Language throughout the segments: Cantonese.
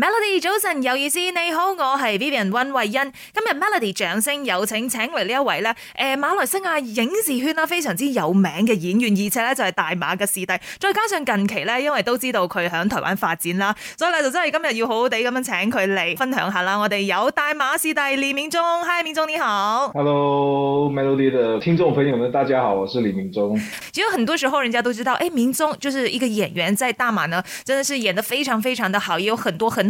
Melody 早晨有意思，你好，我係 Vivian 溫慧欣。今日 Melody 掌聲有請，請嚟呢一位咧，誒、呃，馬來西亞影視圈啊非常之有名嘅演員，而且咧就係大馬嘅視帝。再加上近期咧，因為都知道佢響台灣發展啦，所以咧就真係今日要好好地咁樣請佢嚟分享下啦。我哋有大馬視帝，李明忠，Hi 明忠你好。Hello，Melody 的聽眾朋友們，大家好，我是李明忠。其實很多時候，人家都知道，誒、欸，明忠，就是一個演員，在大馬呢，真的是演得非常非常的好，也有很多很。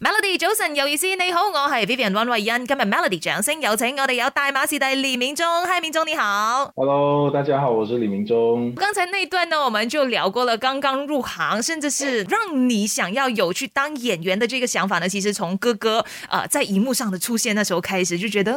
Melody 早晨有意思，你好，我係 Vivian 溫慧欣，今日 Melody 掌聲有請我哋有大馬視帝李明忠，嗨，明忠你好。Hello，大家好，我是李明忠。剛才那一段呢，我們就聊過了。剛剛入行，甚至是讓你想要有去當演員的這個想法呢，其實從哥哥啊、呃、在熒幕上的出現那時候開始就覺得。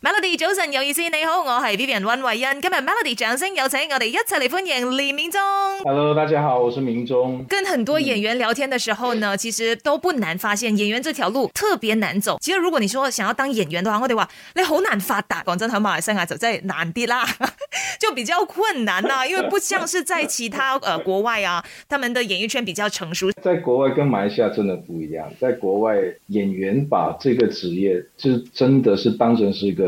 Melody Johnson，有意思，你好，我係 Vivian B B 人溫慧欣，今日 Melody 掌聲有請，我哋一齊嚟歡迎李明忠。Hello，大家好，我是明忠。跟很多演員聊天的時候呢，其實都不難發現演員這條路特別難走。其實如果你說想要當演員嘅話，我哋話你好難發達，講真同馬來西亞走在難啲啦，就比較困難啦、啊，因為不像是在其他誒、呃、國外啊，他們的演藝圈比較成熟。在國外跟馬來西亞真的不一樣，在國外演員把這個職業就真的是當成是一個。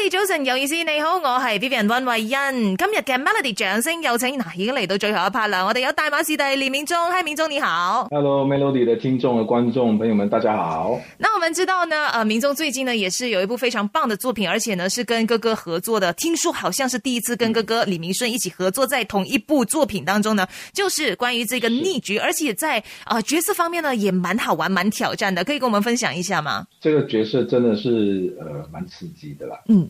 j o s, decorate S, S, hey 早晨，有意思，你好，我 v i 係 B B 人溫慧欣。今日嘅 Melody 掌聲，有請嗱，已經嚟到最後一拍了。我哋有大馬師弟李明忠，嗨，明忠你好。Hello，Melody 的聽眾和觀眾朋友們，大家好。那我們知道呢，呃，明忠最近呢，也是有一部非常棒的作品，而且呢，是跟哥哥合作的。聽說好像是第一次跟哥哥李明順一起合作在同一部作品當中呢， 是就是關於這個逆局，而且在呃、uh，角色方面呢，也蠻好玩、蠻挑戰的。可以跟我們分享一下嗎？這個角色真的是呃，蠻刺激的啦。嗯。